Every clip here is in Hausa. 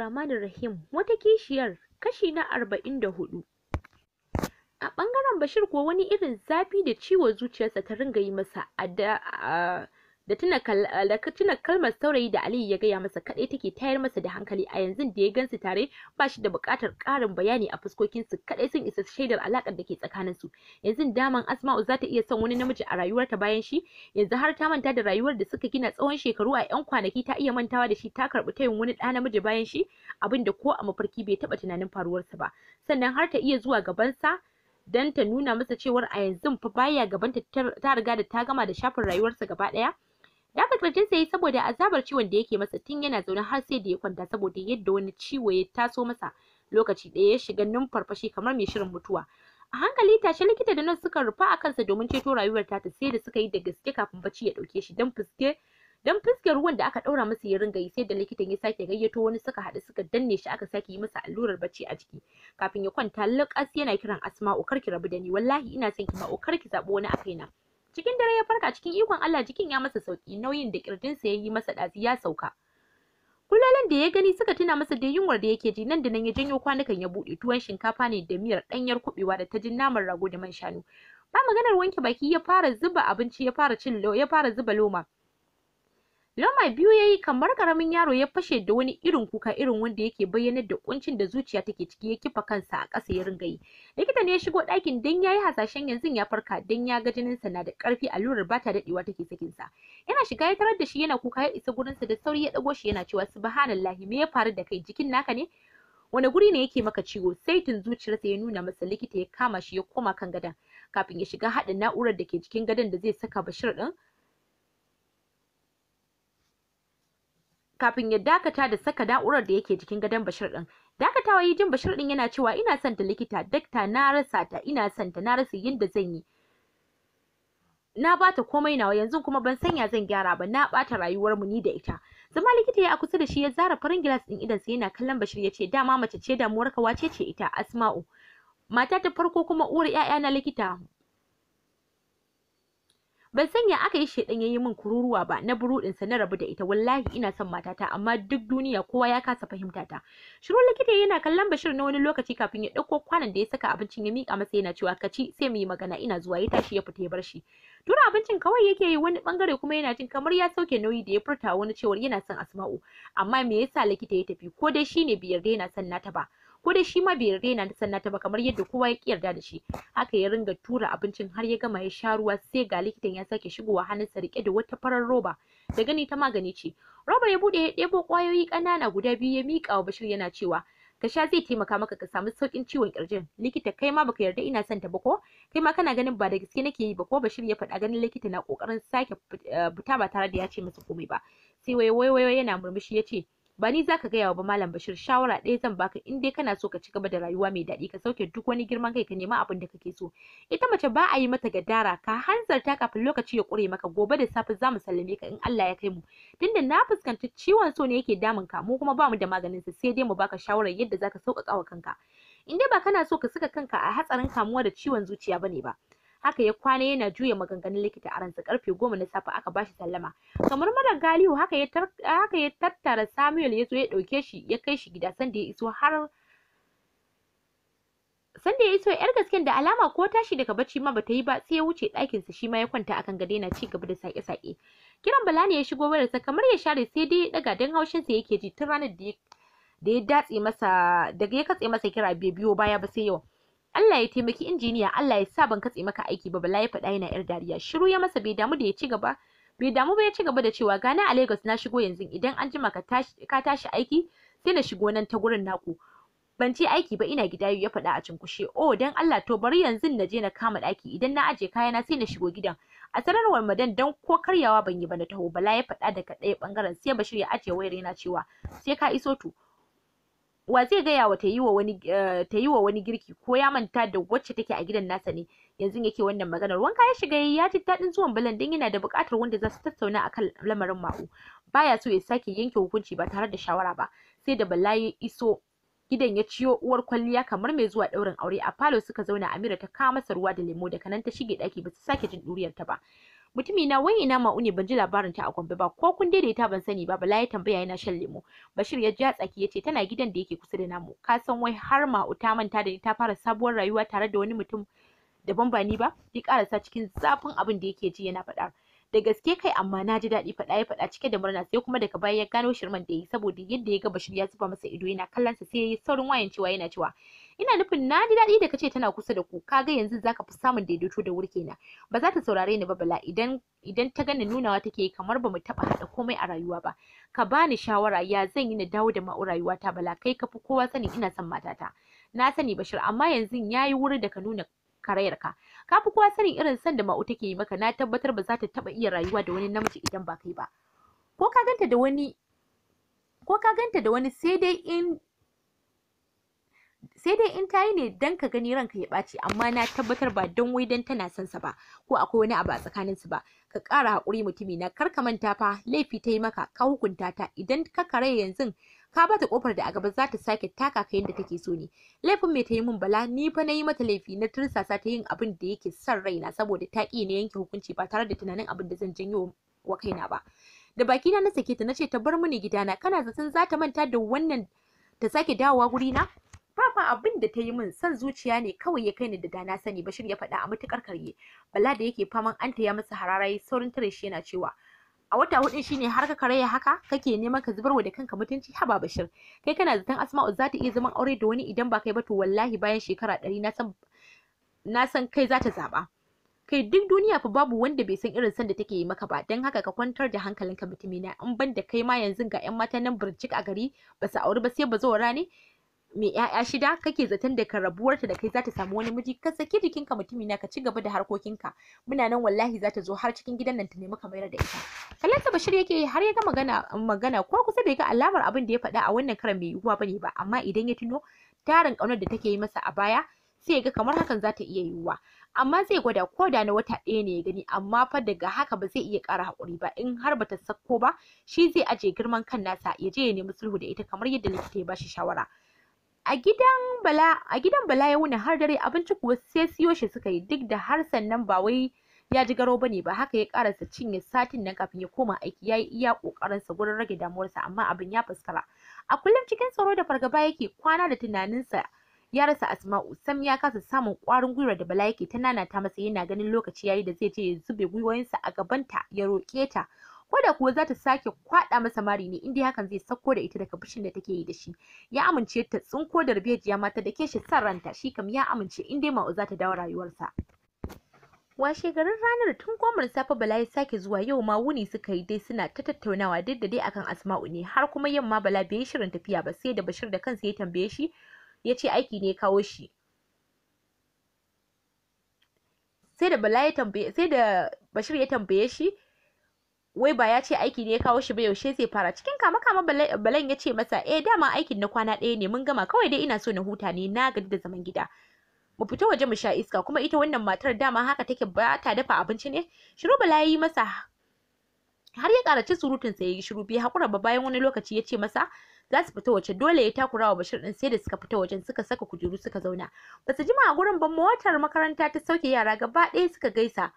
Rahman Rahim wata kishiyar kashi na arba'in da hudu. A ɓangaren Bashir kuwa wani irin zafi da ciwon zuciyarsa ta ringa yi masa a da tuna eh, da tuna kalmar saurayi da Aliyu ya gaya masa kadai take tayar masa da hankali a yanzu da ya gansu tare ba shi da buƙatar ƙarin bayani a fuskokin su kadai sun isa shaidar alakar da ke tsakanin su yanzu daman Asma'u za ta iya son wani namiji a rayuwarta bayan shi yanzu har ta manta da rayuwar da suka gina tsawon shekaru a 'yan kwanaki ta iya mantawa da shi ta karɓi tayin wani ɗa namiji bayan shi abinda ko a mafarki bai taba tunanin faruwarsa ba sannan har ta iya zuwa gabansa dan ta nuna masa cewar a yanzu fa baya gaban ta ta riga da ta gama da shafin rayuwarsa gaba ɗaya Dafa kirjinsa yi saboda azabar ciwon da yake masa tun yana zaune har sai da ya kwanta saboda yadda wani ciwo ya taso masa lokaci ɗaya ya shiga numfarfashi kamar mai shirin mutuwa. A hankali tashe likita da nurse suka rufa a kansa domin ceto rayuwar ta sai da suka yi da gaske kafin bacci ya dauke shi don fuske don fuske ruwan da aka ɗaura masa ya ringa yi sai da likitan ya sake gayyato wani suka haɗu suka danne shi aka sake yi masa allurar bacci a jiki kafin ya kwanta lukas yana kiran asma'u kar ki rabu da ni wallahi ina son ki ma'u kar ki zaɓi wani a kaina. cikin dare ya farka cikin ikon Allah jikin ya masa sauki nauyin da kirjinsa ya yi masa ɗazi ya sauka kullalan da ya gani suka tuna masa da yunwar da yake ji nan da nan ya janyo kwanukan ya buɗe tuwon shinkafa ne da miyar ɗanyar kuɓewa da ta jin naman rago da man shanu ba maganar wanke baki ya fara zuba abinci ya fara cin ya fara zuba loma Loma biyu ya yi kamar karamin yaro ya fashe da wani irin kuka irin wanda yake bayyanar da kuncin da zuciya take ciki ya kifa kansa a ƙasa ya ringa yi. Likita ne ya shigo ɗakin dan ya yi hasashen yanzu ya farka dan ya ga jininsa na da ƙarfi allurar ba ta daɗewa take sakinsa. Yana shiga ya tarar da shi yana kuka ya isa gurinsa da sauri ya ɗago shi yana cewa subhanallahi me ya faru da kai jikin naka ne? wani guri ne yake maka ciwo sai zuciyarsa ya nuna masa likita ya kama shi ya koma kan gadon kafin ya shiga haɗin na'urar da ke cikin gadon da zai saka bashir ɗin kafin ya dakata da saka na'urar da yake jikin gadon Bashir din. Dakatawa yi jin Bashir din yana cewa ina son ta likita, dakta na rasa ta, ina son ta, na rasa yinda zan yi. Na bata komai nawa yanzu kuma ban san ya zan gyara ba, na bata rayuwar mu ni da ita. Zama likita ya a kusa da shi ya zara farin gilas din idan sai yana kallon Bashir ya ce dama mace ce damuwar ka wace ce ita Asma'u. Mata ta farko kuma uwar 'ya'ya na likita ban san ya aka yi shedan yayi min kururuwa ba na burudin sa na rabu da ita wallahi ina son matata amma duk duniya kowa ya kasa fahimta ta shiru likita yana kallon Bashir na wani lokaci kafin ya dauko kwanan da ya saka abincin ya mika masa yana cewa kaci sai mu yi magana ina zuwa ya tashi ya fita ya bar shi tura abincin kawai yake yi wani bangare kuma yana jin kamar ya sauke nauyi da ya furta wani cewa yana son Asma'u amma me yasa likita ya tafi ko dai shine biyar da yana son nata ba ko dai shi ma bai rena ta sanna ta ba kamar yadda kowa ya kiyarda da shi haka ya ringa tura abincin har ya gama ya sha ruwa sai ga likitan ya sake shigowa hannunsa rike da wata farar roba da gani ta magani ce robar ya bude ya debo kwayoyi kanana guda biyu ya miƙa wa bashir yana cewa ka sha zai taimaka maka ka samu saukin ciwon kirjin likita kai ma baka yarda ina son ta ba ko kai ma kana ganin ba da gaske nake yi ba ko Bashir ya faɗa ganin likita na kokarin sake eh, fita ba tare da ya ce masa komai ba sai wai wai yana murmushi ya ce ba ni zaka gaya wa ba malam Bashir shawara ɗaya zan baka in dai kana so ka ci gaba da rayuwa mai daɗi ka sauke duk wani girman kai ka nema abin da kake so ita mace ba a yi mata gadara ka hanzarta kafin lokaci ya ƙure maka gobe da safe za mu sallame ka in Allah ya kai mu tunda na fuskanci ciwon so ne yake damun ka mu kuma ba mu da maganin sa sai dai mu baka shawarar yadda zaka sauƙaƙa wa kanka in dai ba kana so ka saka kanka a hatsarin kamuwa da ciwon zuciya bane ba haka ya kwana yana juya maganganun likita a ransa karfe goma na safe aka bashi sallama kamar mara galihu haka ya tattara Samuel ya zo ya dauke shi ya kai shi gida sanda ya iso har sanda ya iso yar gasken da alama ko tashi daga bacci ma bata yi ba sai ya wuce ɗakin sa shi ma ya kwanta akan gado yana ci gaba da sake sake kiran bala ne ya shigo wurin sa kamar ya share sai dai daga dan haushin sa yake ji tun ranar da ya datse masa daga ya katse masa kira bai biyo baya ba sai yau Allah ya taimaki injiniya Allah ya sa ban katse maka aiki ba bala ya faɗa yana yar dariya shiru ya masa bai damu da ya ci gaba bai damu ba ya ci gaba da cewa gana a Lagos na shigo yanzu idan an jima ka tashi ka tashi aiki sai na shigo nan ta gurin naku ban ci aiki ba ina gida ya faɗa a cinkushe oh dan Allah to bari yanzu na je na kama ɗaki idan na aje kayana sai na shigo gidan a sanarwar madan dan ko karyawa ban yi ba na taho bala ya faɗa daga ɗaya bangaren sai bashir ya ajiye wayar yana cewa sai ka iso to wa zai gaya wa eh, ta yi wa wani girki ko ya manta da wacce take a gidan nasa ne yanzu yake wannan maganar wanka ya shiga ya ji daɗin zuwan bulan don yana da bukatar wanda za su tattauna kan lamarin ma'u baya so ya sake yanke hukunci ba tare da shawara ba sai da bala ya iso gidan ya ciyo uwar kwalliya kamar mai zuwa ɗaurin aure a falo suka zauna amira ta kawo masa ruwa da lemo da nan ta shige ɗaki ba su sake jin ɗuriyar ba mutumi na wai ina ma'uni ban ji labarin ta a Gombe ba ko kun daidaita ban sani ba bala ya tambaya yana shan lemo Bashir ya ja tsaki yace tana gidan da yake kusa da namu ka san wai har ma'u ta manta da ta fara sabuwar rayuwa tare da wani mutum daban ba ni ba ya karasa cikin zafin abin da yake ji yana faɗa da gaske kai amma na ji daɗi faɗa ya faɗa cike da murna sai kuma daga baya ya gano shirman da yi saboda yadda ya ga Bashir ya zuba masa ido yana kallon sa sai ya yi saurin wayan cewa yana cewa ina nufin na ji daɗi da kace tana kusa da ku kaga yanzu zaka fi samun daidaito da wuri kenan ba za ta saurare ni ba bala idan idan ta gani nunawa take kamar ba mu taɓa haɗa komai a rayuwa ba ka bani shawara ya zan yi na dawo da ma'u rayuwata bala kai ka fi kowa sani ina son matata na sani Bashir amma yanzu yi wuri da ka nuna karayarka kafi fi kowa sanin irin san da ma'u take yi maka na tabbatar ba za ta taba iya rayuwa da wani namiji idan ba kai ba ko ka ganta da wani ko ka ganta da wani sai dai in sai dai in tayi ne dan ka gani ranka ya ɓaci amma na tabbatar ba don wai dan tana son sa ba ko akwai wani abu a tsakanin su ba ka ƙara haƙuri mutumi na kar ka manta fa laifi ta yi maka ka hukunta ta idan ka kare yanzu ka bata kofar da a gaba za ta sake taka ka yadda take so ne laifin mai ta yi mun bala ni fa na yi mata laifi na tursasa ta yin abin da yake son raina saboda ta ƙi na yanke hukunci ba tare da tunanin abin da zan janyo wa kaina ba da bakina na sake ta nace ta bar mini gidana kana zaton za ta manta da wannan ta sake dawowa na Fafa abin da ta yi min son zuciya ne kawai ya kai ni da dana sani Bashir ya faɗa a matuƙar karye. Bala da yake faman anta ya masa harara saurin tare shi yana cewa a wata hudun shine har ka karaya haka kake neman ka zubarwa da kanka mutunci haba bashir kai kana zaton asma'u zata ta iya zaman aure da wani idan ba kai ba to wallahi bayan shekara ɗari na san na san kai zata ta zaɓa kai duk duniya fa babu wanda bai san irin san da take yi maka ba don haka ka kwantar da hankalinka mutumina in ban da kai ma yanzu ga yan mata nan birjik a gari ba su auri ba sai ba zo ne mai 'ya'ya shida kake zaton da ka rabuwarta da kai zata samu wani miji ka saki jikinka mutumi na ka ci gaba da harkokinka muna nan wallahi zata zo har cikin gidan nan ta nemi ka mayar da ita kallonsa Bashir yake har ya ga magana magana ko kusa bai ga alamar abin da ya faɗa a wannan karan mai yiwuwa bane ba amma idan ya tuno tarin ƙaunar da take yi masa a baya sai ya ga kamar hakan za ta iya yiwuwa amma zai gwada ko da na wata ɗaya ne ya gani amma fa daga haka ba zai iya ƙara haƙuri ba in har bata sakko ba shi zai aje girman kan nasa ya je ya nemi sulhu da ita kamar yadda likita ya bashi shawara a gidan bala ya wuni har dare abinci kuwa sai siyo shi suka yi duk da har sannan ba wai ya ji garo bane ba haka ya karasa cinye satin nan kafin ya koma aiki yayi iya kokarin sa gurin rage damuwarsa amma abin ya fuskara a kullum cikin tsaro da fargaba yake kwana da tunaninsa ya rasa Asma'u sam ya kasa samun kwarin gwiwa da Bala yake ta ta masa yana ganin lokaci yayi da zai je ya zube gwiwoyinsa a gabanta ya roke ta ko kuwa za ta sake kwaɗa masa mari ne inda hakan zai sauko da ita daga bishin da take yi da shi ya amince ta tsinko darbejiya mata da ke shi san ranta shi kam ya amince in dai ma'u ta dawo rayuwarsa washe garin ranar tun gomar safe bala ya sake zuwa yau ma wuni suka yi dai suna ta tattaunawa duk da dai akan asma'u ne har kuma yamma bala bai shirin tafiya ba sai da bashir da kansa ya tambaye shi ya ce aiki ne ya kawo shi sai da bala ya tambaye sai da bashir ya tambaye shi wai ba ya ce aiki ne ya kawo shi ba yaushe zai fara cikin kama kama balan ya ce masa eh dama aikin na kwana ɗaya ne mun gama kawai dai ina so na huta ne na gadi da zaman gida mu fita waje mu sha iska kuma ita wannan matar dama haka take ba ta dafa abinci ne shiru bala yi masa har ya karaci surutun sa yayi shiru biyu hakura ba bayan wani lokaci ya ce masa za su fita wace dole ya takura wa Bashir din sai da suka fita wajen suka saka kujeru suka zauna basu jima a gurin ba motar makaranta ta sauke yara gaba ɗaya suka gaisa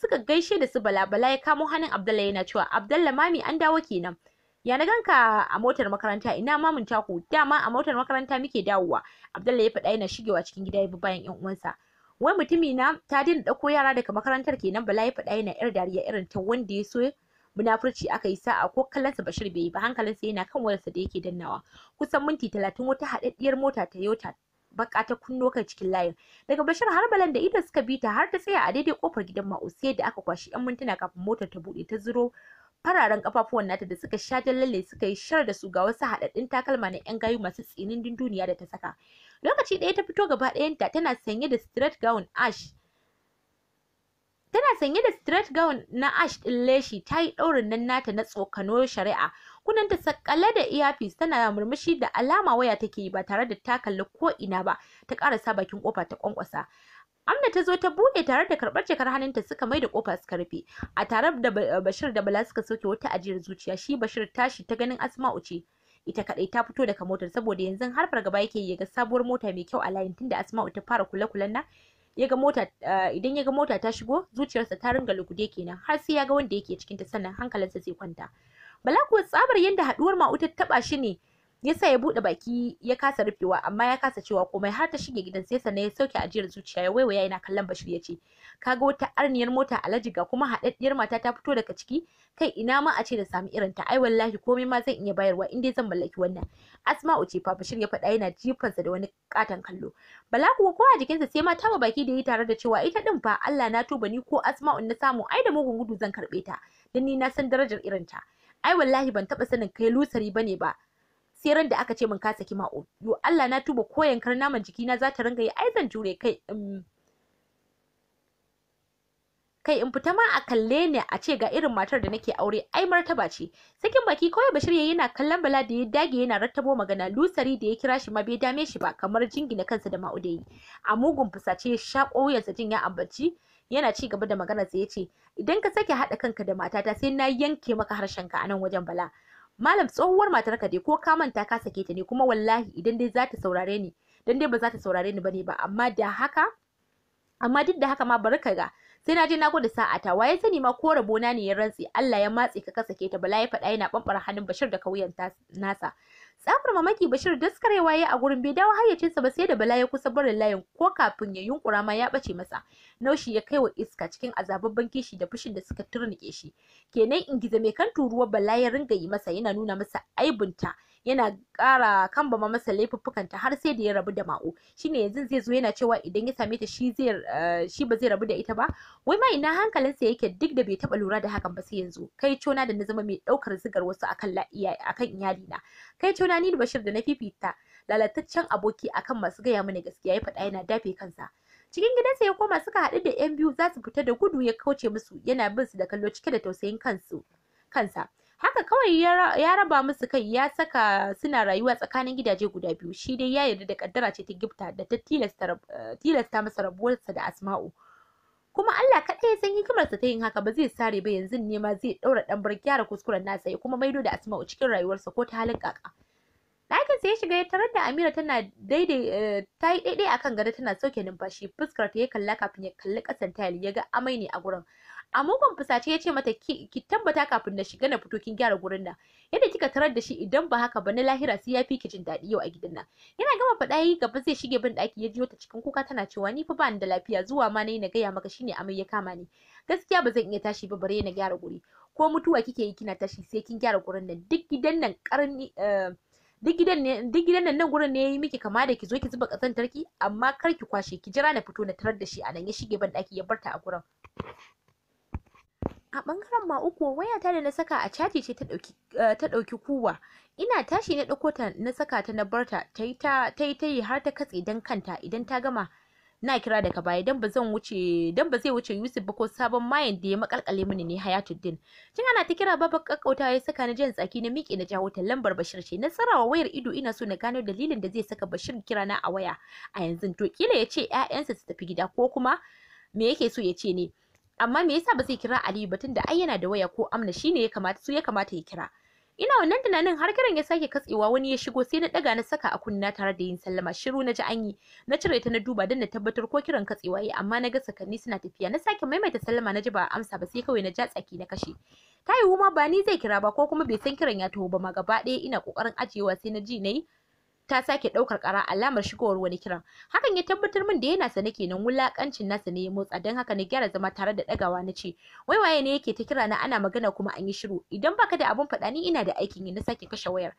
suka gaishe da su bala bala ya kamo hannun Abdullahi yana cewa abdalla mami an dawo kenan ya na ganka a motar makaranta ina mamun taku dama a motar makaranta muke dawowa Abdullahi ya faɗa yana shigewa cikin gida ya bi bayan yan uwansa wai mutumi na ta daina ɗauko yara daga makarantar kenan bala ya faɗa yana yar dariya irin ta wanda ya so munafurci aka yi sa'a ko kallonsa bashir bai yi ba hankalinsa yana kan wayarsa da yake dannawa kusan minti talatin wata haɗaɗɗiyar mota toyota baka ta kunno cikin layin daga bashir har da ida suka bi ta har ta tsaya a daidai kofar gidan ma'us da aka kwashi yan mintuna kafin motar ta bude ta zuro fararen kafafuwan nata da suka sha lalle suka yi shar da su ga wasu haɗaɗɗun takalma na yan gayu masu tsinin duniya da ta saka lokaci ɗaya ta fito gaba ɗayanta tana sanye da straight gown ash tana sanye da straight gown na ash ɗin leshi ta yi ɗaurin nan nata na tsokano shari'a kunanta sakale da earpiece tana murmushi da alama waya take yi ba tare da ta kalli ko ina ba ta karasa bakin kofa ta kwankwasa Amna ta zo ta buɗe tare da karbar jakar hannunta suka mai da kofa suka rufe. A tare da eh, Bashir da Bala suka soke wata ajiyar zuciya shi Bashir tashi ta ganin Asma'u ce. Ita kadai ta fito daga motar saboda yanzu har fargaba yake ya ga sabuwar mota mai kyau a layin tunda Asma'u ta fara kula-kulan nan. yaga mota eh, idan ya ga mota ta shigo zuciyarsa ta ringa lugude kenan har sai ya ga wanda yake cikinta sannan hankalinsa zai kwanta. bala kuwa tsabar yadda haduwar ma'u ta taba shi ne yasa ya bude baki ya kasa rufewa amma ya kasa cewa komai har ta shige gidan sai sannan ya sauke ajiyar zuciya ya waiwaya yana kallon Bashir ya ce kaga wata arniyar mota alaji ga kuma haɗaɗɗiyar mata ta fito daga ciki kai ina ma a ce da sami irin ta ai wallahi komai ma zan iya bayarwa in dai zan mallaki wannan Asma'u ce fa Bashir ya faɗa yana jifansa da wani katan kallo bala kuwa ko a jikinsa sai ma taba baki da yi tare da cewa ita din fa Allah na tuba ni ko Asma'u na samu ai da mugun gudu zan karɓe ta dan ni na san darajar irin ta ai wallahi ban taba sanin kai lusari bane ba sai ran da aka ce mun ka saki ma'o yo Allah na tuba ko yankar naman jikina za ta ringa yi ai zan jure kai kai in fita ma a kalle ne a ce ga irin matar da nake aure ai martaba ce sakin baki kawai bashir ya yana kallon bala da ya dage yana rattabo magana lusari da ya kira shi ma bai dame shi ba kamar jingina kansa da ma'udai a mugun fusace ya shako jin ya ambaci yana ci gaba da maganar ya yace idan ka sake haɗa kanka da matata sai na yanke maka harshen ka anan wajen bala malam tsohuwar matarka dai ko ka manta ka sake ta ne kuma wallahi idan dai za ta saurare ni dan dai ba za ta saurare ni bane ba amma da haka amma duk da haka ma bari ka ga sai na je na gode sa'ata waye sani ma ko rabona ne ya rantsi Allah ya matse ka ka sake ta bala ya faɗa yana bambara hannun Bashir da kauyen nasa Tsafar mamaki Bashir daskarewa ya a gurin bai dawo hayyacinsa ba sai da Bala ya kusa barin layin ko kafin ya yunkura ma ya bace masa. Naushi ya kai wa iska cikin azababban kishi da fushin da suka turnike shi. Kenan ingiza mai kan turuwar Bala ya ringa yi masa yana nuna masa aibinta yana ƙara kambama masa laifuffukanta har sai da ya rabu da ma'o shine yanzu zai zo yana cewa idan ya same ta shi zai eh, shi ba zai rabu da ita ba wai ma ina hankalinsa yake duk da bai taɓa lura da hakan ba sai yanzu kai cona da na zama mai ɗaukar zigar wasu akan akan na. kai cona ni da Bashir da na fifita lalataccen aboki akan masu gaya mana gaskiya ya faɗa yana dafe kansa cikin gidansa ya koma suka haɗu da yan biyu za su fita da gudu ya kauce musu yana bin su da kallo cike da tausayin kansu kansa haka kawai ya raba musu kai ya saka suna rayuwa tsakanin gidaje guda biyu shi dai ya yarda da kaddara ce ta gifta da ta tilasta eh, masa rabuwarsa da asma'u kuma Allah kaɗai ya san hikimarsa ta yin haka ba zai sare ba yanzu ne ma zai ɗaura ɗan gyara kuskuren nasa ya kuma maido da asma'u cikin rayuwarsa ko ta halin kaka ɗakinsa ya shiga ya tarar da Amira tana daidai eh, ta yi daidai akan gado tana sauke numfashi fuskar ta ya kalla kafin ya kalli ƙasan tayil ya ga amai ne a gurin a mugun fusace ya ce mata ki tabbata kafin na shiga na fito kin gyara gurin nan yadda kika tarar da shi idan ba haka ba na lahira sai ya fi ki jin daɗi yau a gidan nan yana gama faɗa yi gaba zai shige bin ɗaki ya jiyo ta cikin kuka tana cewa ni fa ba ni da lafiya zuwa ma yi na gaya maka shine amai ya kama ni gaskiya ba zan iya tashi ba bare na gyara guri ko mutuwa kike yi kina tashi sai kin gyara gurin nan duk gidan nan karni eh, duk gidan ne duk gidan nan nan gurin ne yayi miki kama da ki zo ki zuba kasantar ki amma kar ki kwashe ki jira na fito na tarar da shi a nan ya shige ban daki ya barta a gurin a bangaren ma uku wayata da na saka a caji ce eh, ta ɗauki kuwa ina tashi na ɗauko ta na saka ta na barta ta yi ta yi har ta katse don kanta idan ta gama na kira daga baya don ba zan wuce ba zai wuce Yusuf ba ko sabon mayan da ya makalkale mini ne Hayatuddin tun ana ta kira baba kakkautawa ya saka na jan tsaki na miƙe na jawo ta lambar Bashir ce na tsarawa wayar ido ina so na gano dalilin da zai saka Bashir kira na a waya a yanzu to kila ya ce 'ya'yansa su tafi gida ko kuma me yake so ya ce ne amma me yasa ba zai kira Aliyu ba tunda ai yana da waya ko Amna shine ya kamata su ya kamata ya kira ina wannan tunanin har kiran ya sake katsewa wani ya shigo sai na daga na saka a kunna tare da yin sallama shiru na ji anyi na cire ta na duba don na tabbatar ko kiran katsewa yi amma na ga sakanni suna tafiya na sake maimaita sallama na ji ba amsa ba sai kawai na ja tsaki na kashe ta yiwu ma ba ni zai kira ba ko kuma bai san kiran ya taho ba ma gaba ɗaya ina kokarin ajiyewa sai na ji na yi ta sake ɗaukar ƙara alamar shigowar wani kiran hakan ya tabbatar min da yana sane kenan wulakancin nasa ne ya motsa don haka na gyara zama tare da ɗagawa na ce wai waye ne yake ta kira na ana magana kuma an yi shiru idan baka da abun faɗa ni ina da aikin yi na sake kashe wayar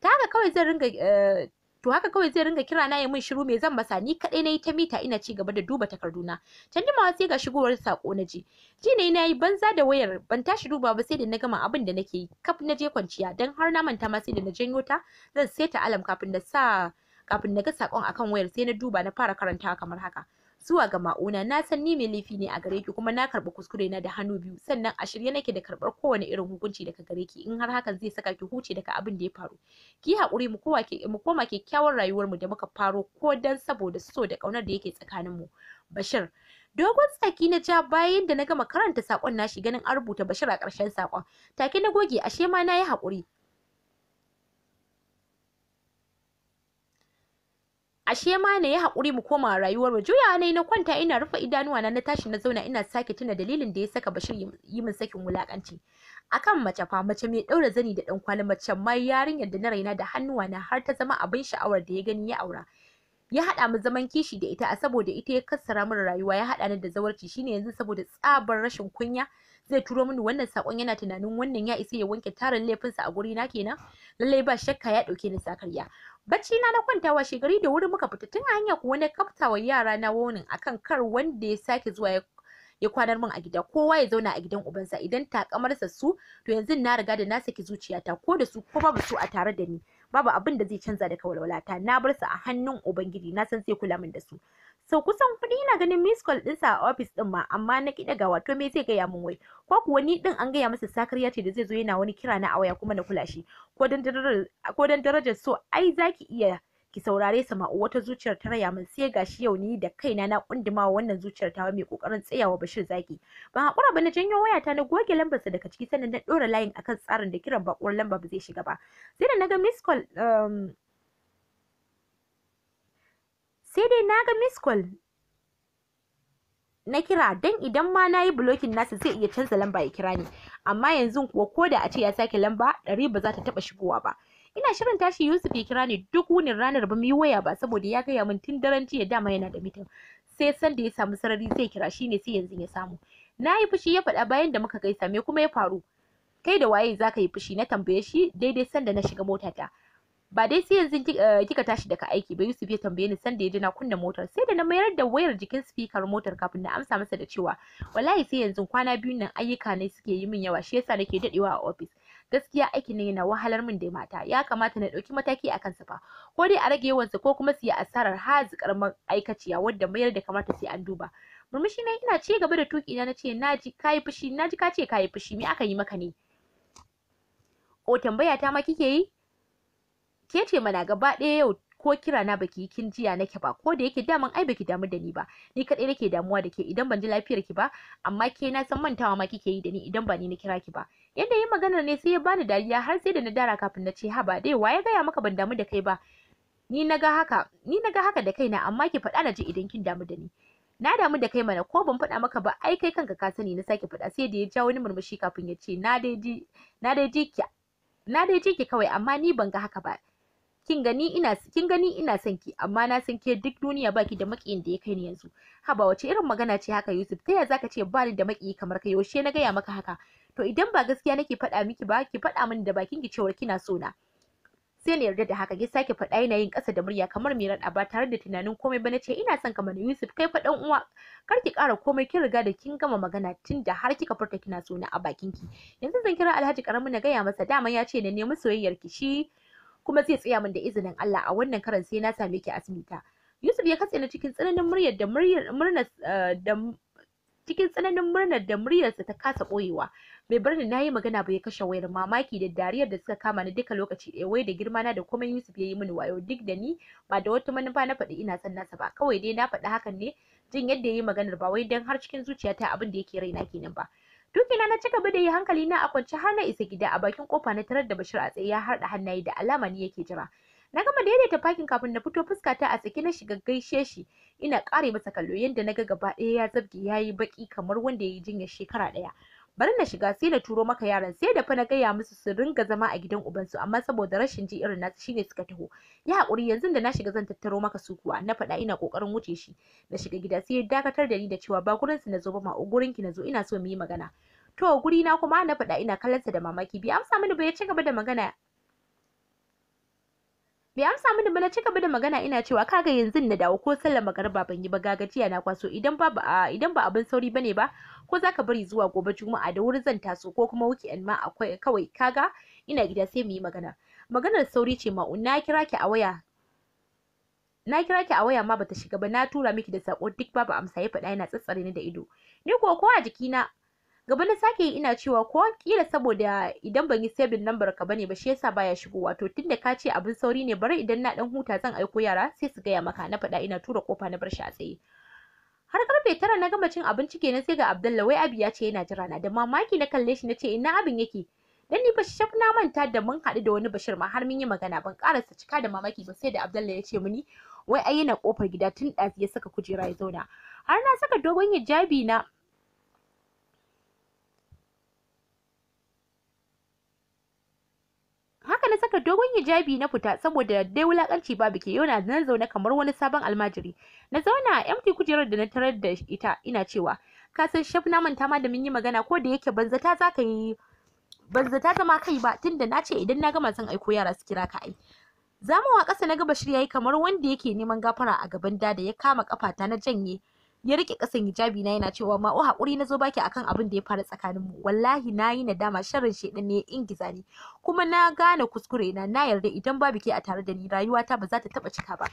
ta haka kawai zan ringa eh, to haka kawai zai ringa kira na ya min shiru mai zan masa ni kadai nayi ta mita ina ci gaba da duba takarduna can jimawa sai ga shigowar sako na ji ji ne na yi banza da wayar ban tashi duba ba sai da na gama abin da nake yi kaf na je kwanciya dan har na manta ma sai da na janyo ta zan saita alam kafin na sa kafin na ga sakon akan wayar sai na duba na fara karanta kamar haka zuwa ga ma'una na san ni mai laifi ne a gare ki kuma na karɓi kuskure na da hannu biyu sannan a shirye nake da karɓar kowane irin hukunci daga gare ki in har haka zai saka ki huce daga abin da ya faru ki yi haƙuri mu kowa ke mu koma kyakkyawar rayuwar mu da muka faro ko dan saboda so da ƙaunar da yake tsakanin mu Bashir dogon tsaki na ja bayan da na gama karanta sakon nashi ganin an rubuta Bashir a ƙarshen sakon take na goge ashe ma na yi haƙuri ashe ma ne ya haƙuri mu koma rayuwar mu juya ne na kwanta ina rufe idanuwa na na tashi na zauna ina sake tuna dalilin da ya saka Bashir yi min sakin wulakanci akan mace fa mace mai daura zani da dan kwali mace ma yarinyar da na raina da hannuwa na har ta zama abin sha'awar da ya gani ya aura ya haɗa mu zaman kishi da ita saboda ita ya kassara min rayuwa ya haɗa ni da zawarci shine yanzu saboda tsabar rashin kunya zai turo mini wannan sakon yana tunanin wannan ya isa ya wanke tarin laifinsa a guri na kenan lallai ba shakka ya dauke ni sakarya bacci na na kwantawa shegari da wuri muka fita tun hanya kuwa na kaftawa yara na wonin akan kar wanda ya sake zuwa ya kwanar min a gida kowa ya zauna a gidan ubansa idan takamarsa su to yanzu na riga da na saki zuciyata ko da su ko babu su a tare da ni babu abin da zai canza daga walwalata na bar su a hannun ubangiji na san zai kula min da su sau kusan kuɗi ina ganin miss call sa a ofis ɗin ma amma na kiɗa ga wato me zai gaya mun wai ko kuwa ni ɗin an gaya masa sakarya ce da zai zo yana wani kira na a kuma na kula shi ko dan darajar so ai zaki iya ki saurare sama'u wata zuciyar ta raya min sai gashi yau ni da kaina na kunduma wannan zuciyar ta mai kokarin tsayawa Bashir zaki ba hakura ba na janyo ta na goge lambar sa daga ciki sannan na dora layin akan tsarin da kiran bakuwar lamba ba zai shiga ba sai da naga miss call um, sai dai naga miss call na kira dan idan ma nayi blocking nasa zai iya canza lamba ya kira ni amma yanzu kuwa koda a ce ya sake lamba ɗari ba za ta taba shigowa ba ina shirin tashi Yusuf ya kira ni duk wunin ranar ba mu yi waya ba saboda ya gaya min tun daren jiya dama yana da mitin sai san da ya samu sarari zai kira shi ne sai yanzu ya samu na yi fushi ya faɗa bayan da muka gaisa me kuma ya faru kai da waye zaka yi fushi na tambaye shi daidai sanda na shiga motata ba dai sai yanzu eh, kika tashi daga aiki ba Yusuf ya tambaye ni sanda ya ji na kunna motar sai da na mayar da wayar jikin speaker motar kafin na amsa masa da cewa wallahi sai yanzu kwana biyu nan ayyuka ne suke yi min yawa shi yasa nake dadewa a office gaskiya aikin ne na wahalar min da mata ya kamata na ɗauki mataki akan kansa fa ko dai a rage yawansa ko kuma su yi asarar hazikar aikaciya wadda mayar da kamata sai an duba murmushi ne, ina ci gaba da tuki na nace naji kai fushi naji ka ce kayi fushi me aka yi maka ne o tambaya ta ma kike yi ke ce mana gaba ɗaya yau ko kira na baki kin jiya nake ba ko da yake daman ai baki damu da ni ba ni kadai nake damuwa da ke idan ban ji lafiyar ki ba amma ke na san mantawa ma kike yi da ni idan ba ni na kira ki ba yadda yi maganar ne sai ya bani dariya har sai da na dara kafin na ce haba dai ya gaya maka ban damu da kai ba ni na ga haka ni na haka da kaina amma ki faɗa na ji idan kin damu da ni na damu da kai mana ko ban faɗa maka ba ai kai kanka ka sani na sake faɗa sai da ya ja wani murmushi kafin ya ce na dai ji na dai ji ki na dai ji ki kawai amma ni ban ga haka ba kin gani ina kin gani ina son ki amma na san ke duk duniya baki da makiyin da ya kai ni yanzu haba wace irin magana ce haka Yusuf taya zaka ce ba ni da makiyi kamar kai yaushe na gaya maka haka to idan ba gaskiya nake faɗa miki ba ki faɗa min da bakin ki cewa kina so na sai na yarda da haka ya sake faɗa yana yin ƙasa da murya kamar mai raɗa ba tare da tunanin komai ba nace ina son kamar Yusuf kai fa dan uwa kar ki ƙara komai kin riga da kin gama magana tun da har kika furta kina so na a bakin ki yanzu zan kira Alhaji Karamin na gaya masa dama ya ce na nemi soyayyar ki shi kuma zai tsaya min da izinin Allah a wannan karan sai na same ki asibita Yusuf ya katse na cikin tsananin muryar da muryar murnar eh, da cikin tsananin murnar da muryarsa ta kasa ɓoyewa mai birnin na yi magana bai kashe wayar mamaki da dariyar da suka kama ni duka lokaci ɗaya wai da girma na da komai Yusuf ya yi mini wayo duk da ni ba da wata manufa na faɗi ina son nasa ba kawai dai na faɗi hakan ne jin yadda ya yi maganar ba wai dan har cikin zuciyata abin da yake raina kenan ba Dukina na cika da yi hankali na a kwance har na isa gida a bakin kofa na tarar da Bashir a tsaye ya harda hannaye da alama ni yake jira. Na gama daidaita fakin kafin na fito fuska ta a tsaki na shiga gaishe shi ina ƙare masa kallo yadda na ga gaba ɗaya ya zabge ya yi baƙi kamar wanda ya yi jinyar shekara ɗaya. Bari na shiga sai na turo maka yaran sai da fa na gaya musu su ringa zama a gidan ubansu amma saboda rashin ji irin nasu shine suka taho. Ya haƙuri yanzu da na shiga zan tattaro maka su kuwa na faɗa ina ƙoƙarin wuce shi. Na shiga gida sai ya dakatar da ni da cewa ba gurinsu na zo ba ma gurinki na zo ina so mu yi magana. To guri na kuma na faɗa ina kallonsa da mamaki bi amsa mini ba ya ci gaba da magana bai amsa mini ba na cika da magana ina cewa kaga yanzu na dawo ko sallar magariba ban yi ba gagajiya na kwaso idan ba idan ba abin sauri bane ba ko zaka bari zuwa gobe juma'a da wuri zan taso ko kuma weekend ma akwai kawai kaga ina gida sai mu yi magana maganar sauri ce ma na kira ki a waya na kira ki a waya ma bata shiga ba na tura miki da sako duk babu amsa ya faɗa yana tsatsare ni da ido ni ko ko a jikina gaba na sake ina cewa ko kila saboda idan ban yi sabin lambar ka bane ba shi yasa baya shigowa to tunda ka ce abin sauri ne bari idan na dan huta zan aiko yara sai su gaya maka na faɗa ina tura kofa na bar shi a tsaye har karfe tara na gama cin abinci kenan sai ga Abdullahi wai Abi ya ce yana jira na da mamaki na kalle shi na ce ina abin yake dan ni ba shaf na manta da mun haɗu da wani Bashir ma har mun yi magana ban karasa cika da mamaki ba sai da Abdullahi ya ce mini wai ai yana kofar gida tun ɗazi ya saka kujera ya zauna har na saka dogon hijabi na haka na saka dogon hijabi na fita saboda dai wulakanci ba ke yau na nan zaune kamar wani sabon almajiri na zauna a empty kujerar da na tarar da ita ina cewa ka san shaf na manta ma da mun yi magana ko da yake banza ta za yi banza ta zama kai ba tunda na ce idan na gama zan aiko yara su kira ka ai zamawa ƙasa na gaba shiryayi kamar wanda yake neman gafara a gaban da ya kama kafata na janye ya rike kasan hijabi na yana cewa ma o hakuri na zo baki akan abin da ya faru tsakanin mu wallahi yi nadama sharrin shaidan ne ya ingiza ni kuma na gane kuskure na na yarda idan babu ke a tare da ni rayuwata ba za ta taba cika ba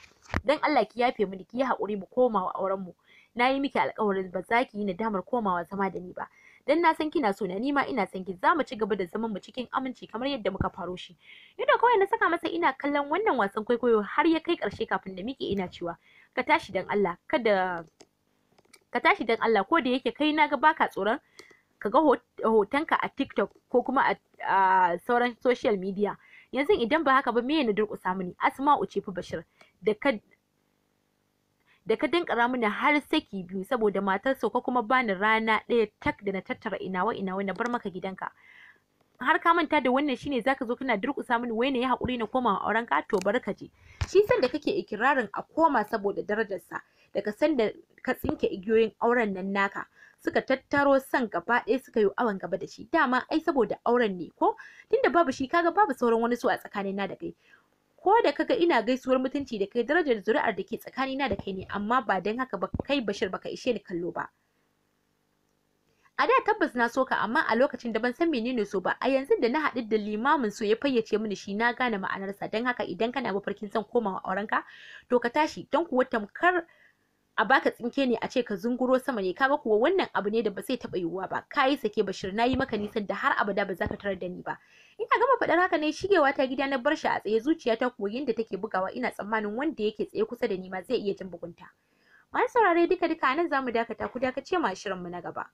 dan Allah ki yafe mini ki yi hakuri mu komawa auren mu Na yi miki alƙawarin ba za ki yi nadamar komawa zama da ni ba dan na san kina so na ni ma ina san ki za mu ci gaba da zaman mu cikin aminci kamar yadda muka faro shi yadda kawai na saka masa ina kallon wannan wasan kwaikwayo har ya kai ƙarshe kafin da miki ina cewa ka tashi dan Allah kada ka tashi dan Allah ko da yake kai naga baka tsoron ka ga a TikTok ko kuma a sauran social media yanzu idan ba haka ba me na durƙusa mini Asma'u ce fa Bashir da ka da ka dinkara mini har saki biyu saboda matar sauka kuma bani rana ɗaya tak da na tattara inawa inawa na bar maka gidanka har ka manta da wannan shine zaka zo kana durƙusa mini wai ya haƙuri na koma auren ka to barka ka je shi san da kake ikirarin a koma saboda darajarsa daga san da ka tsinke igiyoyin auren nan naka suka tattaro san gaba ɗaya suka yi awon gaba da shi dama ai saboda auren ne ko tunda babu shi kaga babu sauran wani so a tsakanin na da kai ko da kaga ina gaisuwar mutunci da kai darajar zuri'ar da ke tsakanin na da kai ne amma ba don haka ba kai bashir baka ishe ni kallo ba a da tabbas na soka amma a lokacin da ban san menene so ba a yanzu da na haɗu da limamin so ya fayyace mini shi na gane ma'anarsa don haka idan kana mafarkin son komawa aurenka to ka tashi don kuwa tamkar a baka tsinke ne a ce ka zunguro sama ne kaga kuwa wannan abu ne da ba zai taba yiwuwa ba kai sake bashir yi maka nisan da har abada ba za ka tarar da ni ba ina gama faɗar haka ne shigewa ta gida na bar a tsaye zuciya ta kuwa yadda take bugawa ina tsammanin wanda yake tsaye kusa da ni ma zai iya jin bugunta masu saurare duka duka nan za mu dakata ku dakace ma shirin mu na gaba